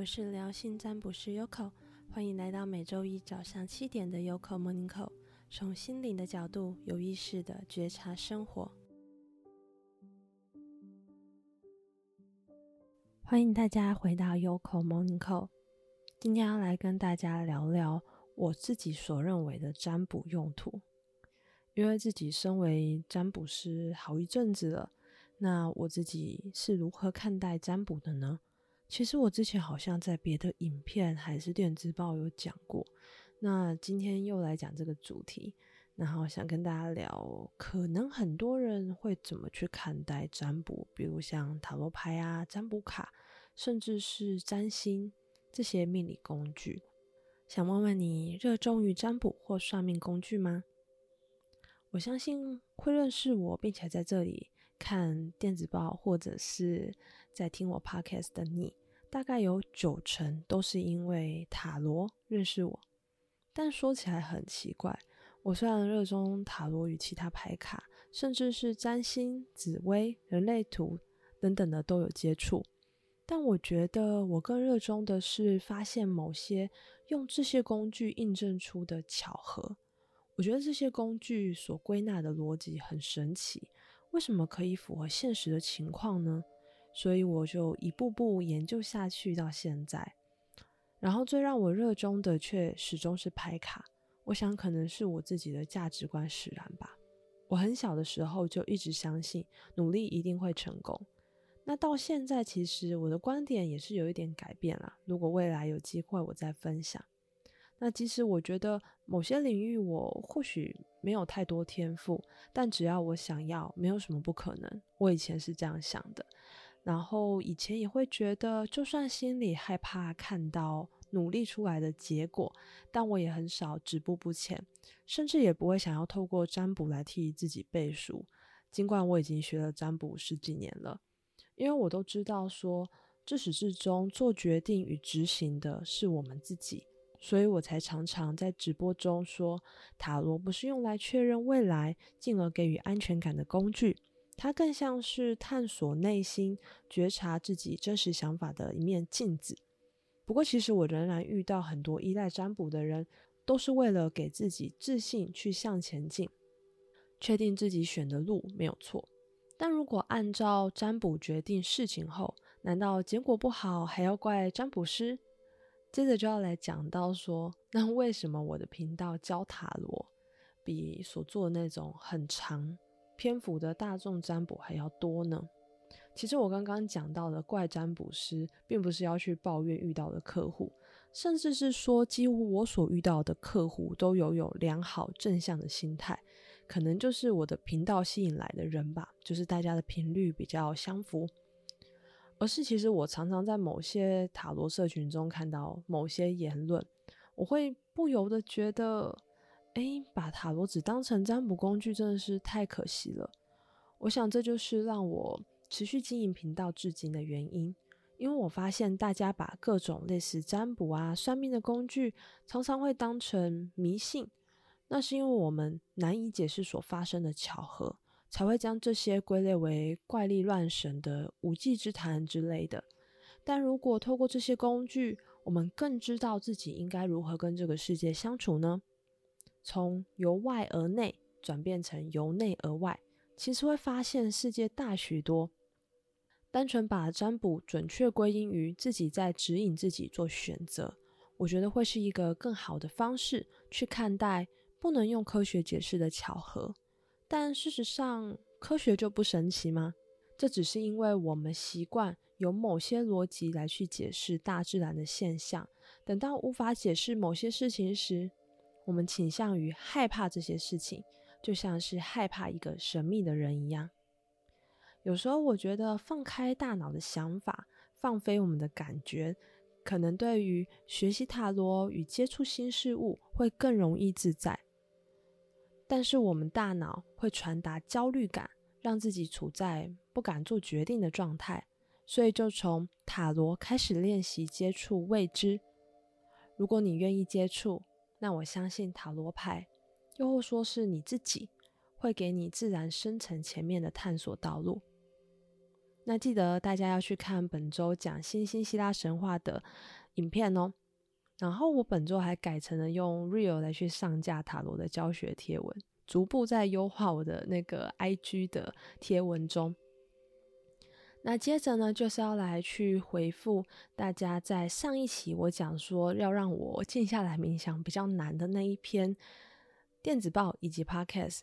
我是療心占卜師 Yoko，歡迎來到每週一早上七點的 Yoko Morning Call，從心靈的角度有意識的覺察生活。歡迎大家回到 Yoko Morning Call，今天要來跟大家聊聊我自己所認為的占卜用途，因為自己身為占卜師好一陣子了，那我自己是如何看待占卜的呢？其實我之前好像在別的影片，還是電子報有講過，那今天又來講這個主題，然後想跟大家聊，可能很多人會怎麼去看待占卜，比如像塔羅牌啊、占卜卡，甚至是占星這些命理工具。想問問你，熱衷於占卜或算命工具嗎？我相信會認識我，並且在這裡。看電子報或者是在聽我 podcast 的你，大概有九成都是因為塔羅認識我。但說起來很奇怪，我雖然熱衷塔羅與其他牌卡，甚至是占星、紫微、人類圖等等的都有接觸，但我覺得我更熱衷的是發現某些用這些工具印證出的巧合。我覺得這些工具所歸納的邏輯很神奇。為什麼可以符合現實的情況呢？所以我就一步步研究下去，到現在。然後最讓我熱衷的卻始終是牌卡。我想可能是我自己的價值觀使然吧。我很小的時候就一直相信努力一定會成功。那到現在其實我的觀點也是有一點改變了。如果未來有機會，我再分享。那其實，我覺得某些領域我或許沒有太多天賦，但只要我想要，沒有什麼不可能。我以前是這樣想的，然後以前也會覺得，就算心裡害怕看到努力出來的結果，但我也很少止步不前，甚至也不會想要透過占卜來替自己背書。儘管我已經學了占卜十幾年了，因為我都知道說，自始至終做決定與執行的是我們自己。所以我才常常在直播中說，塔羅不是用來確認未來，進而給予安全感的工具，它更像是探索內心、覺察自己真實想法的一面鏡子。不過，其實我仍然遇到很多依賴占卜的人，都是為了給自己自信去向前進，確定自己選的路沒有錯。但如果按照占卜決定事情後，難道結果不好還要怪占卜師？接着就要來講到說，那為什麼我的頻道教塔羅，比所做的那種很長篇幅的大眾占卜還要多呢？其實我剛剛講到的怪占卜師，並不是要去抱怨遇到的客戶，甚至是說幾乎我所遇到的客戶都有有良好正向的心態，可能就是我的頻道吸引來的人吧，就是大家的頻率比較相符。而是，其實我常常在某些塔羅社群中看到某些言論，我會不由得覺得，誒，把塔羅只當成占卜工具真的是太可惜了。我想這就是讓我持續經營頻道至今的原因，因為我發現大家把各種類似占卜啊、算命的工具，常常會當成迷信。那是因為我們難以解釋所發生的巧合。才會將這些歸類為怪力亂神的無稽之談之類的。但如果透過這些工具，我們更知道自己應該如何跟這個世界相處呢？從由外而內轉變成由內而外，其實會發現世界大許多。單純把占卜準確歸因於自己在指引自己做選擇，我覺得會是一個更好的方式去看待不能用科學解釋的巧合。但事實上，科學就不神奇嗎？這只是因為我們習慣用某些邏輯來去解釋大自然的現象。等到無法解釋某些事情時，我們傾向於害怕這些事情，就像是害怕一個神秘的人一樣。有時候，我覺得放開大腦的想法，放飛我們的感覺，可能對於學習塔羅與接觸新事物會更容易自在。但是我們大腦會傳達焦慮感，讓自己處在不敢做決定的狀態，所以就從塔羅開始練習接觸未知。如果你願意接觸，那我相信塔羅牌，又或說是你自己，會給你自然生成前面的探索道路。那記得大家要去看本周講《新希臘神話》的影片哦。然後我本周還改成了用 Real 來去上架塔羅的教學貼文，逐步在優化我的那個 IG 的貼文中。那接着呢，就是要來去回覆大家在上一期我講說要讓我靜下來冥想比較難的那一篇電子報以及 Podcast，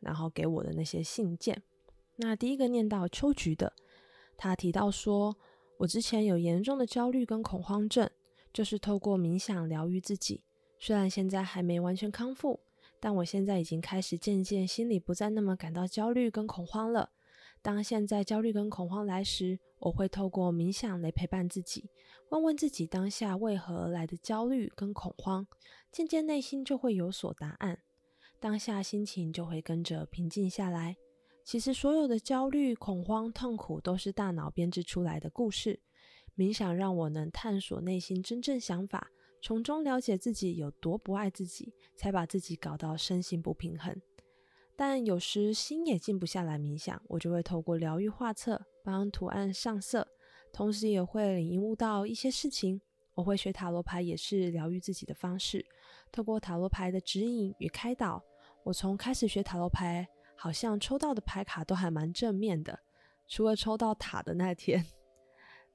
然後給我的那些信件。那第一個念到秋菊的，他提到說我之前有嚴重的焦慮跟恐慌症。就是透過冥想療癒自己。雖然現在還沒完全康復，但我現在已經開始漸漸心裡不再那麼感到焦慮跟恐慌了。當現在焦慮跟恐慌來時，我會透過冥想來陪伴自己，問問自己當下為何而來的焦慮跟恐慌，漸漸內心就會有所答案，當下心情就會跟着平靜下來。其實所有的焦慮、恐慌、痛苦都是大腦編織出來的故事。冥想讓我能探索內心真正想法，從中了解自己有多不愛自己，才把自己搞到身心不平衡。但有時心也靜不下來冥想，我就會透過療癒畫冊幫圖案上色，同時也會領悟到一些事情。我會學塔羅牌，也是療癒自己的方式。透過塔羅牌的指引與開導，我從開始學塔羅牌，好像抽到的牌卡都還蠻正面的，除了抽到塔的那天。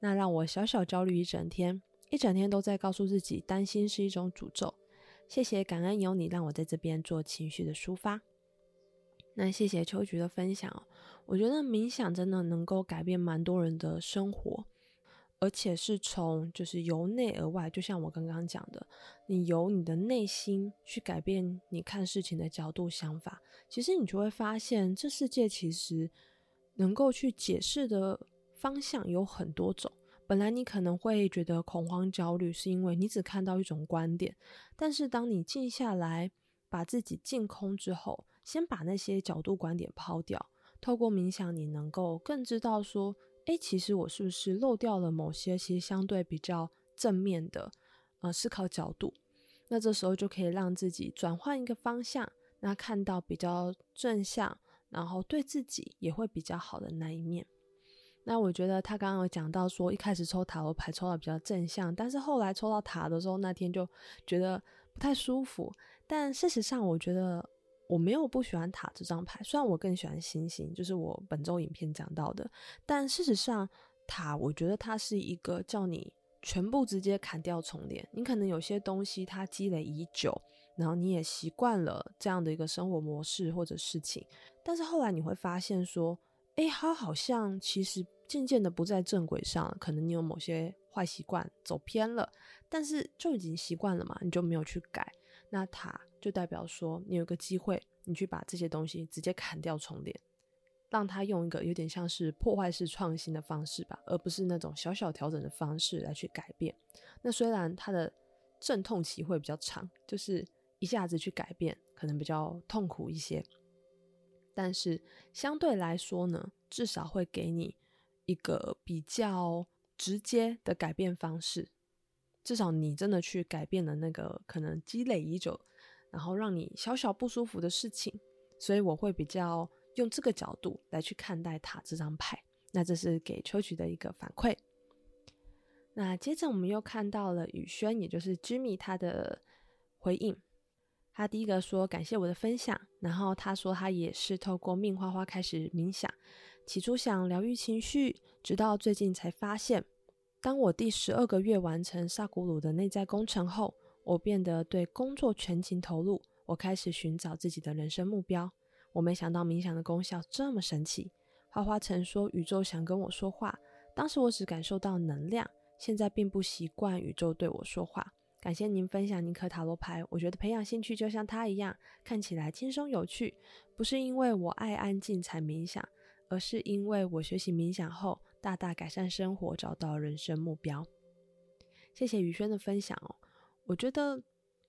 那讓我小小焦慮一整天，一整天都在告訴自己，擔心是一種詛咒。謝謝，感恩有你，讓我在這邊做情緒的抒發。那謝謝秋菊的分享哦，我覺得冥想真的能夠改變蠻多人的生活，而且是從就是由內而外，就像我剛剛講的，你由你的內心去改變你看事情的角度、想法，其實你就會發現，這世界其實能夠去解釋的。方向有很多種。本來你可能會覺得恐慌、焦慮，是因為你只看到一種觀點。但是當你靜下來，把自己淨空之後，先把那些角度、觀點拋掉。透過冥想，你能夠更知道說：哎，其實我是不是漏掉了某些其實相對比較正面的呃思考角度？那這時候就可以讓自己轉換一個方向，那看到比較正向，然後對自己也會比較好的那一面。那我覺得他剛剛有講到說，一開始抽塔羅牌抽到比較正向，但是後來抽到塔的時候，那天就覺得不太舒服。但事實上，我覺得我沒有不喜歡塔這張牌，雖然我更喜歡星星，就是我本週影片講到的。但事實上，塔我覺得它是一個叫你全部直接砍掉重練。你可能有些東西它積累已久，然後你也習慣了這樣的一個生活模式或者事情，但是後來你會發現說。誒，他好像其實漸漸的不在正軌上了，可能你有某些壞習慣走偏了，但是就已經習慣了嘛，你就沒有去改，那他就代表說你有個機會，你去把這些東西直接砍掉重練，讓他用一個有點像是破壞式創新的方式吧，而不是那種小小調整的方式來去改變。那雖然他的陣痛期會比較長，就是一下子去改變可能比較痛苦一些。但是相對來說呢，至少會給你一個比較直接的改變方式，至少你真的去改變了那個可能積累已久，然後讓你小小不舒服的事情。所以我會比較用這個角度來去看待塔這張牌。那這是給秋菊的一個反饋。那接着我們又看到了雨軒，也就是 Jimmy 他的回應。他第一個說感謝我的分享，然後他說他也是透過命花花開始冥想，起初想療癒情緒，直到最近才發現，當我第十二個月完成薩古魯的內在工程後，我變得對工作全情投入，我開始尋找自己的人生目標。我沒想到冥想的功效這麼神奇。花花曾說宇宙想跟我說話，當時我只感受到能量，現在並不習慣宇宙對我說話。感謝您分享尼克塔羅牌，我覺得培養興趣就像他一樣，看起來輕鬆有趣，不是因為我愛安靜才冥想，而是因為我學習冥想後，大大改善生活，找到人生目標。謝謝宇軒的分享哦。我覺得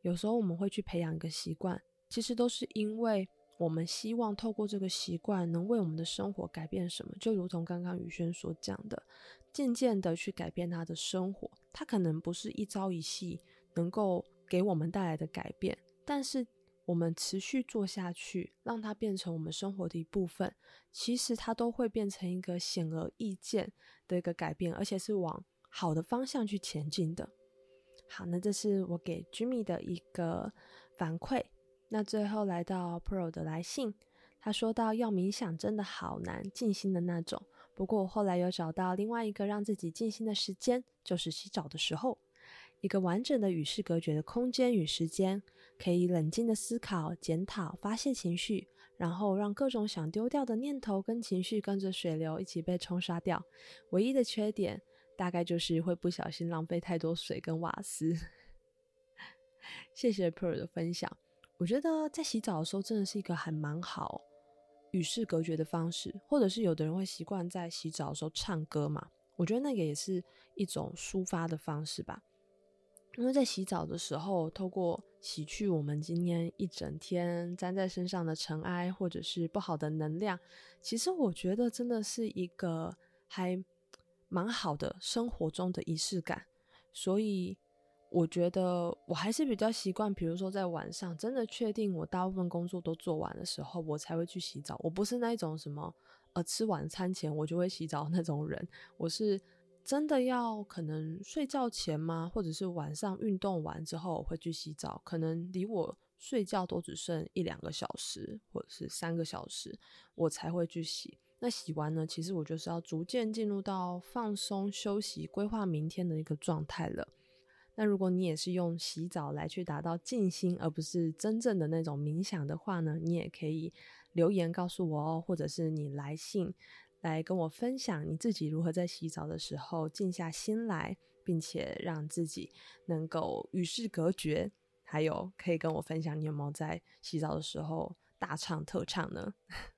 有時候我們會去培養一個習慣，其實都是因為我們希望透過這個習慣能為我們的生活改變什麼。就如同剛剛宇軒所講的，漸漸的去改變他的生活，他可能不是一朝一夕，能夠給我們帶來的改變，但是我們持續做下去，讓它變成我們生活的一部分，其實它都會變成一個顯而易見的一個改變，而且是往好的方向去前進的。好，那這是我給 Jimmy 的一個反饋。那最後來到 Pro 的來信，他說到要冥想真的好難，靜心的那種。不過我後來有找到另外一個讓自己靜心的時間，就是洗澡的時候。一個完整的與世隔絕的空間與時間，可以冷靜的思考、檢討、發洩情緒，然後讓各種想丟掉的念頭跟情緒跟着水流一起被沖刷掉。唯一的缺點大概就是會不小心浪費太多水跟瓦斯。 謝謝 Per 的分享，我覺得在洗澡的時候真的是一個還蠻好與世隔絕的方式，或者是有的人會習慣在洗澡的時候唱歌嘛，我覺得那個也是一種抒發的方式吧。因為在洗澡的時候，透過洗去我們今天一整天粘在身上的塵埃，或者是不好的能量，其實我覺得真的是一個還蠻好的生活中的儀式感。所以我覺得我還是比較習慣，比如說在晚上真的確定我大部分工作都做完的時候，我才會去洗澡。我不是那一種什麼，呃，吃晚餐前我就會洗澡那種人，我是。真的要可能睡覺前嗎？或者是晚上運動完之後我會去洗澡，可能離我睡覺都只剩一兩個小時，或者是三個小時，我才會去洗。那洗完呢？其實我就是要逐漸進入到放鬆、休息、規劃明天的一個狀態了。那如果你也是用洗澡來去達到靜心，而不是真正的那種冥想的話呢，你也可以留言告訴我哦，或者是你來信。來跟我分享你自己如何在洗澡的時候靜下心來，並且讓自己能夠與世隔絕。還有，可以跟我分享你有沒有在洗澡的時候大唱特唱呢？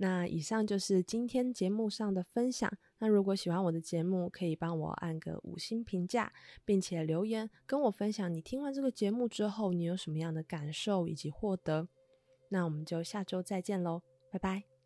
那以上就是今天節目上的分享。那如果喜歡我的節目，可以幫我按個五星評價，並且留言跟我分享你聽完這個節目之後你有什麼樣的感受以及獲得。那我們就下周再見嘍，拜拜。